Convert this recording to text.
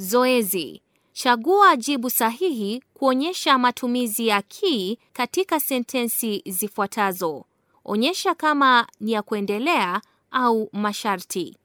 Zoezi: chagua jibu sahihi kuonyesha matumizi ya ki katika sentensi zifuatazo. Onyesha kama ni ya kuendelea au masharti.